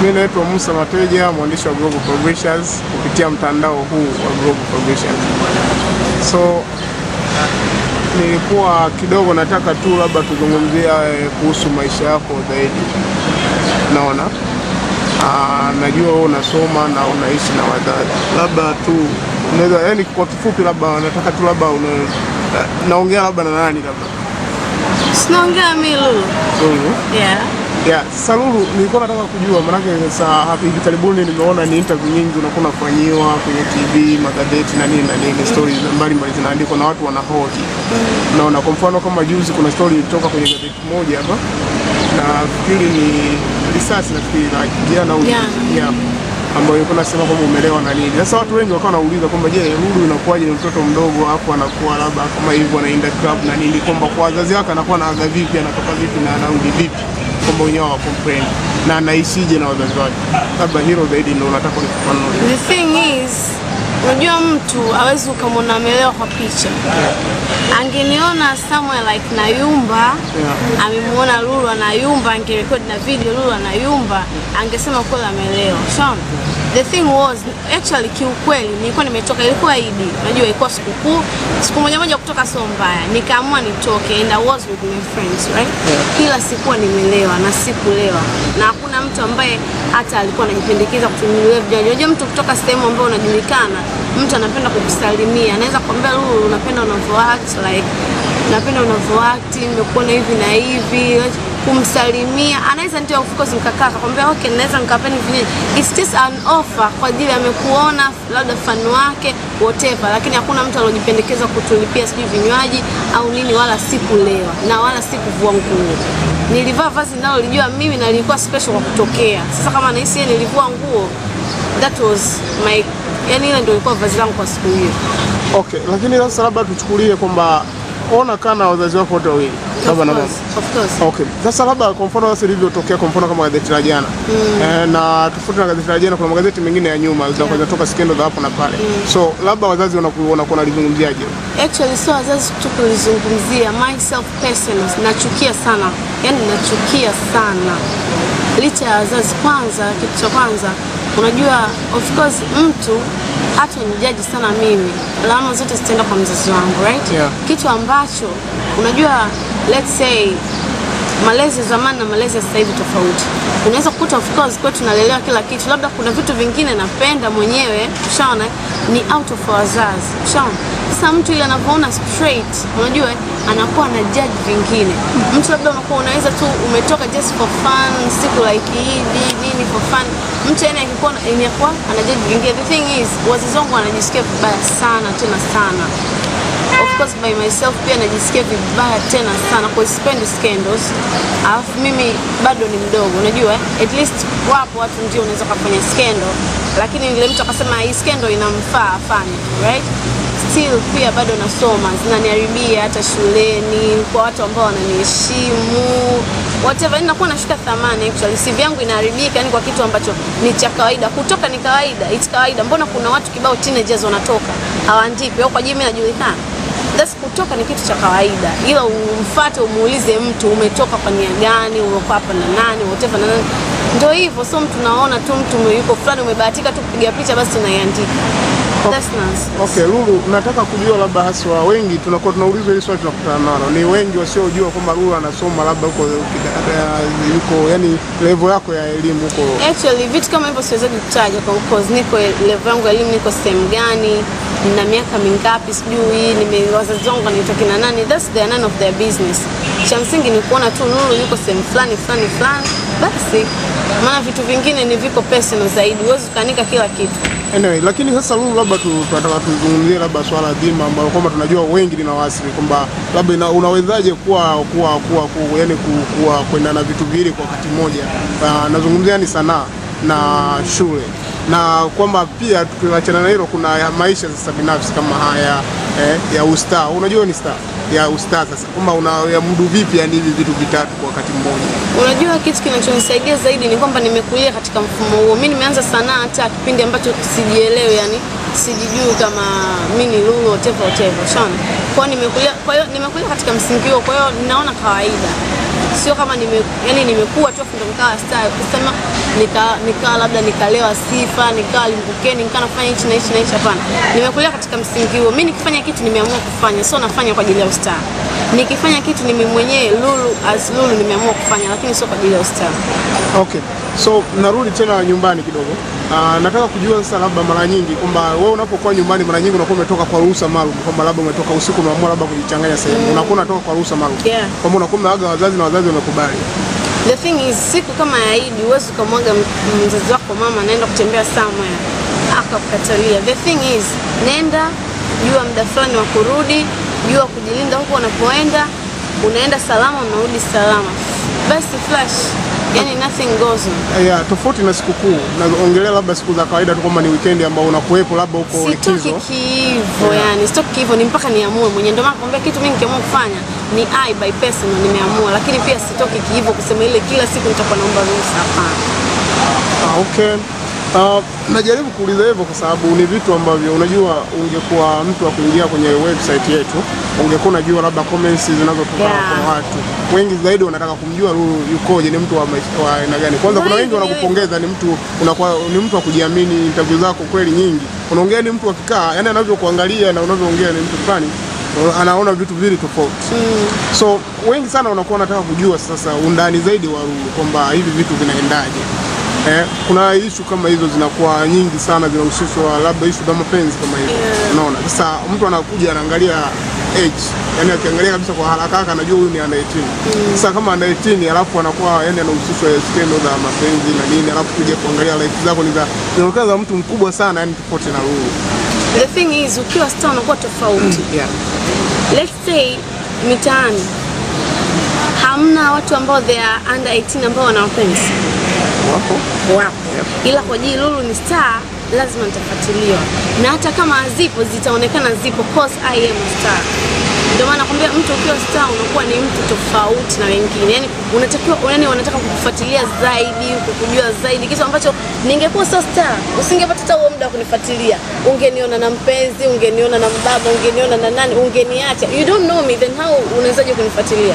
Mimi naitwa Musa Mateja, mwandishi wa Global Publishers kupitia mtandao huu wa Global Publishers. So nilikuwa kidogo nataka tu labda tuzungumzia eh, kuhusu maisha yako zaidi. Naona ah, najua wewe unasoma na unaishi na wazazi, labda tu unaweza yani, kwa kifupi, labda nataka tu labda eh, naongea labda na nani, labda sinaongea mimi Lulu. Lulu. Yeah. Yeah, Salulu nilikuwa nataka kujua manake sasa hivi karibuni nimeona ni interview nyingi unakuwa unafanyiwa kwenye TV, magazeti na nini na nini, stories mbalimbali zinaandikwa na watu wanahoji. Unaona, kwa mfano kama juzi kuna story ilitoka kwenye gazeti moja hapa na fikiri ni risasi nafikiri na kijana au yeah. yeah ambayo ilikuwa nasema kwamba umelewa na nini. Sasa watu wengi wakawa wanauliza kwamba je, Lulu inakuwaje mtoto mdogo hapo anakuwa labda kama hivyo anaenda club na nini, kwamba kwa wazazi wake anakuwa anaaga vipi, anatoka vipi na anarudi vipi? kwamba wenyewe hawakomplain na anaishije na wazazi wake, labda hilo zaidi ndio unataka nifafanue. The thing is, unajua mtu hawezi ukamwona amelewa kwa picha yeah. Angeniona somewhere like na yumba yeah. Amemwona Lulu na yumba, angerekodi na video Lulu na yumba, angesema kweli amelewa, sawa so, the thing was actually, kiukweli nilikuwa nimetoka, ilikuwa Idi, unajua ilikuwa sikukuu, siku moja moja kutoka sio mbaya, nikaamua nitoke and I was with my friends right, yeah. Kila sikuwa nimelewa na sikulewa, na hakuna mtu ambaye hata alikuwa anajipendekeza kutumia vijana. Unajua mtu kutoka sehemu ambayo unajulikana, mtu anapenda kukusalimia, anaweza kukwambia Lulu, unapenda unavyoact like, unapenda unavyoact, nimekuona hivi na hivi kumsalimia, anaweza ndio of course mkakaa akakwambia okay, naweza nikapeni vinyi, it's just an offer kwa ajili amekuona labda fani wake whatever, lakini hakuna mtu aliojipendekeza kutulipia sijui vinywaji au nini, wala sikulewa na wala sikuvua nguo. Nilivaa vazi nalo lijua mimi na lilikuwa special kwa kutokea. Sasa kama nahisi yeye nilivua nguo, that was my, yani ile ndio ilikuwa vazi langu kwa siku hiyo. Okay, lakini sasa labda tuchukulie kwamba ona kaa na wazazi wako wote wawili, baba na mama. Okay, sasa labda kwa mfano sasa ilivyotokea, kwa mfano kama gazeti la jana mm. E, na tofauti na gazeti la jana, kuna magazeti mengine ya nyuma zinakuwa zinatoka skendo za hapo na pale mm. so labda wazazi wanakuona kuna lizungumziaje? Actually so wazazi tu kulizungumzia, myself personally nachukia sana, yani nachukia sana licha ya wazazi. Kwanza kitu cha kwanza, unajua of course mtu hata nijaji sana mimi, lawama zote zitaenda kwa mzazi wangu right? Yeah. Kitu ambacho unajua let's say malezi ya zamani na malezi ya sasa hivi tofauti. Unaweza kukuta of course kwetu tunalelewa kila kitu, labda kuna vitu vingine napenda mwenyewe, ushaona ni out of wazazi, ushaona. Sasa mtu ile anapoona straight, unajua anakuwa na judge vingine. Mtu labda unakuwa unaweza tu umetoka just for fun siku like hivi nini for fun, mtu yani akikuwa inakuwa ana judge vingine. The thing is wazazi wangu wanajisikia vibaya sana tena sana of course by myself pia najisikia vibaya tena sana kwa sipendi scandals. Alafu mimi bado ni mdogo, unajua at least wapo watu ndio unaweza kufanya scandal, lakini ile mtu akasema hii scandal inamfaa afanye right. Still pia bado nasoma, zinaniharibia hata shuleni, kwa watu ambao wananiheshimu whatever, ninakuwa yaani nashuka thamani actually. CV yangu inaharibika yani kwa kitu ambacho ni cha kawaida, kutoka ni kawaida, it's kawaida. Mbona kuna watu kibao teenagers wanatoka hawaandiki au kwa jimi najulikana That's kutoka ni kitu cha kawaida, ila umfuate, umuulize mtu umetoka kwa nia gani, umekuwa hapa na nani, whatever na nani ndio hivyo, so mtu naona tu mtu yuko fulani, umebahatika tu kupiga picha, basi tunaiandika. Okay, Lulu, nataka kujua labda haswa, wengi tunakuwa tunaulizwa hili swali, tunakutana nalo, ni wengi wasiojua kwamba Lulu anasoma labda huko yuko, yani level yako ya elimu huko. Actually vitu kama hivyo siwezi kutaja kwa cause niko level yangu ya elimu niko sehemu gani, na miaka mingapi, sijui nimewazazi wangu wanaitwa kina nani, that's the none of their business. Cha msingi ni kuona tu Nuru yuko sehemu fulani fulani fulani basi, maana vitu vingine ni viko personal zaidi, huwezi ukaanika kila kitu. Anyway, lakini sasa Lulu, labda tunataka tuzungumzie labda swala zima ambalo kwamba tunajua wengi linawasili kwamba labda unawezaje kuwa kuwa kuwa ku, yani kuwa kwenda na vitu viwili kwa wakati mmoja. Ah, nazungumzia yani sanaa na shule na kwamba pia tukiachana na hilo kuna maisha sasa binafsi kama haya eh, ya ustaa. Unajua ni staa ya ustaza sasa, kama unayamudu vipi yani hivi vitu vitatu kwa wakati mmoja? Unajua, kitu kinachonisaidia zaidi ni kwamba nimekulia katika mfumo huo. Mimi nimeanza sanaa hata kipindi ambacho sijielewe, yani sijijui kama mimi ni Lulu whatever whatever, shana. Kwa hiyo nimekulia, kwa hiyo nimekulia katika msingi huo, kwa hiyo ninaona kawaida sio kama nime, yani nimekuwa tu ndo nikawa star kusema nika, nika labda nikalewa sifa nikaa limbukeni nikaa nafanya hichi na hichi na hichi. Hapana, nimekulia katika msingi huo. Mimi nikifanya kitu nimeamua kufanya, sio nafanya kwa ajili ya ustar. Nikifanya kitu mimi mwenyewe Lulu as Lulu nimeamua kufanya, lakini sio kwa ajili ya ustar. Okay. So narudi tena nyumbani kidogo. Uh, nataka kujua sasa, labda mara nyingi kwamba wewe unapokuwa nyumbani, mara nyingi unakuwa umetoka kwa ruhusa maalum, kwamba labda umetoka usiku, na unaamua labda kujichanganya sehemu, mm. unakuwa unatoka kwa ruhusa maalum, Kwa maana unakuwa umeaga wazazi na wazazi wamekubali. The thing is, siku kama ya Eid huwezi kumwaga mzazi wako, mama naenda kutembea somewhere, akakukatalia. The thing is, nenda jua muda fulani wa kurudi, jua kujilinda huko unapoenda, unaenda salama, unarudi salama, basi flash yani nothing goes eh, Yeah, tofauti na sikukuu, naongelea labda siku za kawaida tu, kama ni weekend ambao unakuwepo labda huko likizo. Sitoki hivyo yeah. Yani sitoki hivyo, ni mpaka niamue mwenyewe. Ndio maana kumbe kitu mimi nikiamua kufanya ni I by personal nimeamua, lakini pia sitoki hivyo kusema ile kila siku nitakuwa naomba ruhusa, hapana. Ah, okay. Uh, najaribu kuuliza hivyo kwa sababu ni vitu ambavyo unajua, ungekuwa mtu wa kuingia kwenye website yetu ungekuwa unajua labda comments zinazotoka yeah, kwa watu wengi zaidi wanataka kumjua Lulu yukoje, ni mtu wa aina gani. Kwanza kuna wengi wanakupongeza, ni mtu unakuwa ni mtu wa kujiamini, interview zako kweli nyingi, unaongea ni mtu akikaa, yani anavyokuangalia na unavyoongea ni mtu fulani anaona vitu vili tofauti mm. So wengi sana wanakuwa wanataka kujua sasa undani zaidi wa Lulu kwamba hivi vitu vinaendaje eh, kuna ishu kama hizo zinakuwa nyingi sana zinahusishwa labda ishu za mapenzi kama hizo yeah. Unaona, sasa mtu anakuja anaangalia age, Yaani akiangalia kabisa kwa haraka haraka anajua huyu ni under 18 mm. Sasa kama under 18 alafu anakuwa yani anahusishwa skendo za mapenzi na nini, alafu kuja kuangalia life zako ni za zinaonekana za mtu mkubwa sana, yani tofauti na huyu. The thing is ukiwa star unakuwa tofauti mm. yeah. Let's say mitaani hamna watu ambao they are under 18 ambao wana mapenzi wapo wapo, ila kwa jili Lulu ni star, lazima nitafuatiliwa, na hata kama zipo zitaonekana zipo, cause I am a star. Ndio maana nakwambia mtu ukiwa star unakuwa ni mtu tofauti na wengine, yani unatakiwa yani wanataka kukufuatilia zaidi, kukujua zaidi, kitu ambacho ningekuwa sio star usingepata hata huo muda kunifuatilia. Ungeniona na mpenzi, ungeniona na mbaba, ungeniona na nani, ungeniacha. You don't know me then how unawezaje kunifuatilia?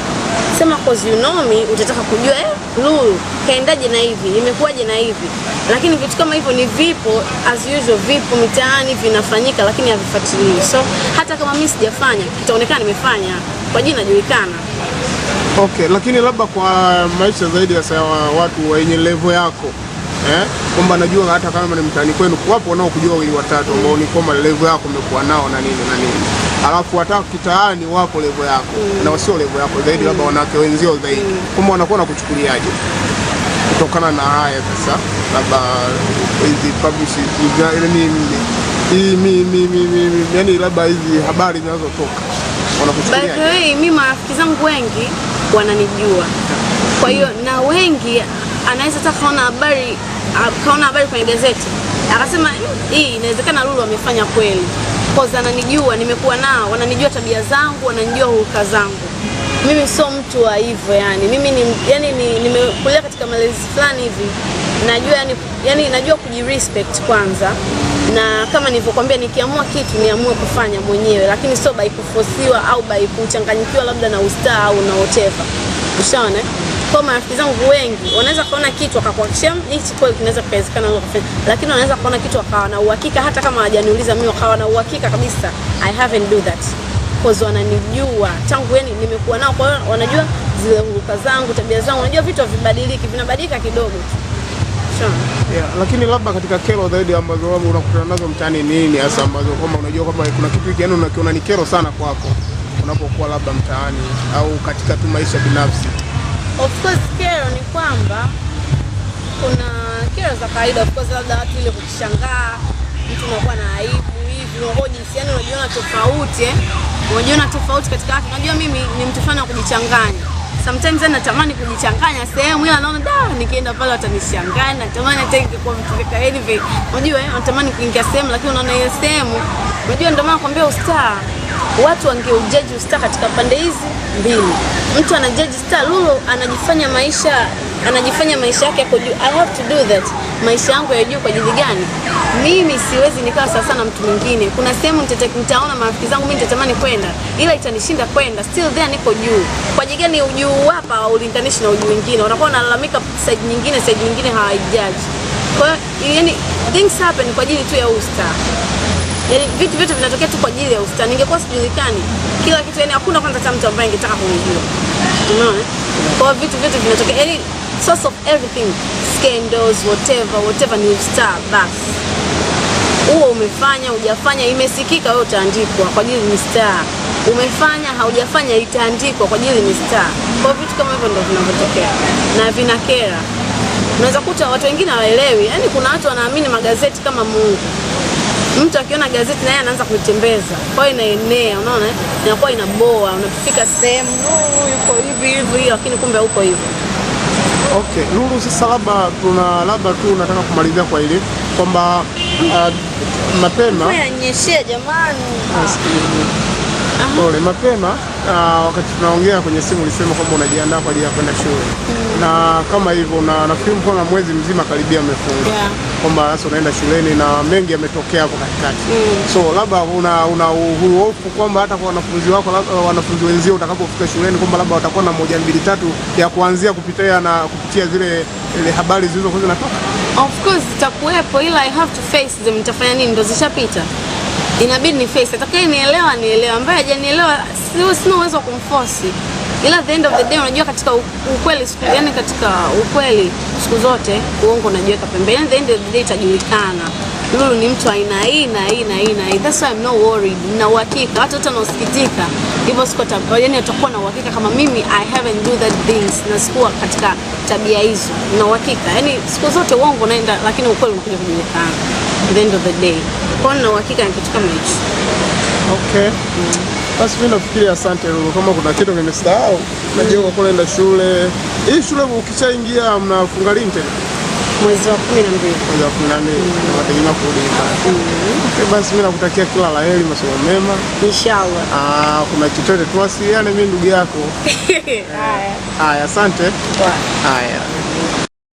Sema cause you know me, utataka kujua eh, Lulu kaendaje na hivi, imekuwaje na hivi. Lakini vitu kama hivyo ni vipo as usual, vipo mitaani, vinafanyika, lakini havifuatiliwi. So hata kama mimi sijafanya itaonekana nimefanya kwa jina najulikana. Okay, lakini labda kwa maisha zaidi ya sawa watu wenye level yako eh, kwamba najua hata kama ni mtani kwenu wapo wanaokujua wili watatu ambao ni kama level yako umekuwa nao na nini na nini, alafu hata kitaani wapo level yako mm. na wasio level yako zaidi mm. labda wanawake wenzio zaidi mm. kwamba wanakuwa nakuchukuliaje kutokana na haya sasa, labda hizi mimi, yani labda hizi habari zinazotoka By the way, mimi marafiki zangu wengi wananijua, kwa hiyo na wengi anaweza hata kaona habari kaona habari kwenye gazeti akasema hii inawezekana Lulu amefanya kweli, cause ananijua, nimekuwa nao, wananijua tabia zangu, wananijua huruka zangu. Mimi sio mtu wa hivyo yani, mimi ni, yani ni, nimekulia katika malezi fulani hivi najua yani, yani najua kujirespect kwanza na kama nilivyokuambia, nikiamua kitu niamue kufanya mwenyewe, lakini sio by kufosiwa au by kuchanganyikiwa labda na usta au na whatever. Ushaona? Kwa marafiki zangu wengi wanaweza kuona kitu akakuachia hichi kweli kinaweza kuwezekana au kufanya, lakini wanaweza kuona kitu akawa na uhakika, hata kama hajaniuliza mimi, akawa na uhakika kabisa I haven't do that cause wananijua tangu yani nimekuwa nao, kwa hiyo wanajua zile huruka zangu, tabia zangu, wanajua vitu havibadiliki, vinabadilika kidogo tu sana. Yeah, lakini labda katika kero zaidi ambazo wewe unakutana nazo mtaani nini hasa ambazo kama unajua kwamba kuna kitu yani unakiona ni kero sana kwako unapokuwa labda mtaani au katika tu maisha binafsi? Of course kero ni kwamba kuna kero za kawaida, of course labda watu ile kukishangaa, mtu unakuwa na aibu hivi, unakuwa jinsi yani unajiona tofauti, eh? unajiona tofauti katika watu. Unajua mimi ni mtu fana wa kujichanganya sometimes natamani kujichanganya sehemu, ila naona da, nikienda pale watanishangana. Natamani hata ingekuwa kaka hivi, unajua eh, natamani kuingia sehemu, lakini unaona ile sehemu, unajua ndio maana nakwambia ustaa watu wangeujaji ustaa katika pande hizi mbili. Mtu anajaji staa Lulu, anajifanya maisha anajifanya maisha yake yako juu. I have to do that, maisha yangu ya juu kwa ajili gani? Mimi siwezi nikawa sasa na mtu mwingine. Kuna sehemu nitaona marafiki zangu mimi nitatamani kwenda, ila itanishinda kwenda, still there niko juu. Kwa ajili gani? Ujuu hapa ulinganishi na ujuu mwingine, unakuwa unalalamika side nyingine, side nyingine hawajaji. Kwa hiyo yani things happen kwa ajili tu ya usta Yani, e, vitu vyote vinatokea tu kwa ajili ya usta. Ningekuwa sijulikani kila kitu, yani hakuna kwanza hata mtu ambaye angetaka kunijua, unaona, kwa vitu vyote vinatokea yani source of everything scandals, whatever whatever, ni star bas Huo umefanya hujafanya, imesikika wewe utaandikwa kwa ajili ni star. Umefanya haujafanya, itaandikwa kwa ajili ni star. Kwa vitu kama hivyo ndio vinavyotokea na vina kera Unaweza kuta watu wengine hawaelewi, yaani kuna watu wanaamini magazeti kama Mungu. Mtu akiona gazeti naye anaanza kuitembeza, kwa hiyo inaenea, unaona inakuwa inaboa, unafika sehemu oh, yuko hivi hivi, lakini kumbe huko hivyo Okay, Lulu, sasa labda tuna labda tu nataka kumalizia kwa ile kwamba uh, mapema nyeshia jamani. Pole, mapema uh, wakati tunaongea kwenye simu ulisema kwamba unajiandaa kwa ajili ya kwenda shule. Mm na kama hivyo, na nafikiri mfano mwezi mzima karibia amefunga yeah. kwamba sasa unaenda shuleni na mengi yametokea hapo katikati mm. so labda una, una uhuru hofu kwamba hata kwa wanafunzi wako wanafunzi wenzio utakapofika shuleni kwamba labda watakuwa na moja mbili tatu ya kuanzia kupitia na kupitia zile ile habari zilizokuwa zinatoka. Of course zitakuwepo, ila I have to face them. Nitafanya nini? Ndo zishapita, inabidi ni face. Atakaye nielewa nielewa, ambaye hajanielewa sina uwezo wa kumforce ila the end of the day unajua, katika ukweli siku yani, katika ukweli siku zote uongo unajiweka pembeni, yani the end of the day itajulikana Lulu ni mtu aina hii na hii na hii na hii. That's why I'm not worried. Na uhakika hata hata nasikitika hivyo, siku tabia yani, atakuwa na uhakika kama mimi I haven't do that things na sikuwa katika tabia hizo, na uhakika yani, siku zote uongo unaenda, lakini ukweli unakuja kujulikana the end of the day. Kwa hiyo na uhakika ni kitu kama hicho. Okay. Mm. Basi mimi nafikiri asante Lulu, kama kuna kitu nimesahau, najua kwa kwenda shule hii. Shule ukishaingia mnafunga lini tena? Mwezi wa 12. Mwezi wa 12 nategemea mm. kurudi nyumbani. Mm. Okay, basi mimi nakutakia kila la heri, masomo mema inshallah. Ah, kuna chochote tuwasiliane, mimi ndugu yako. Haya, haya, asante. Haya.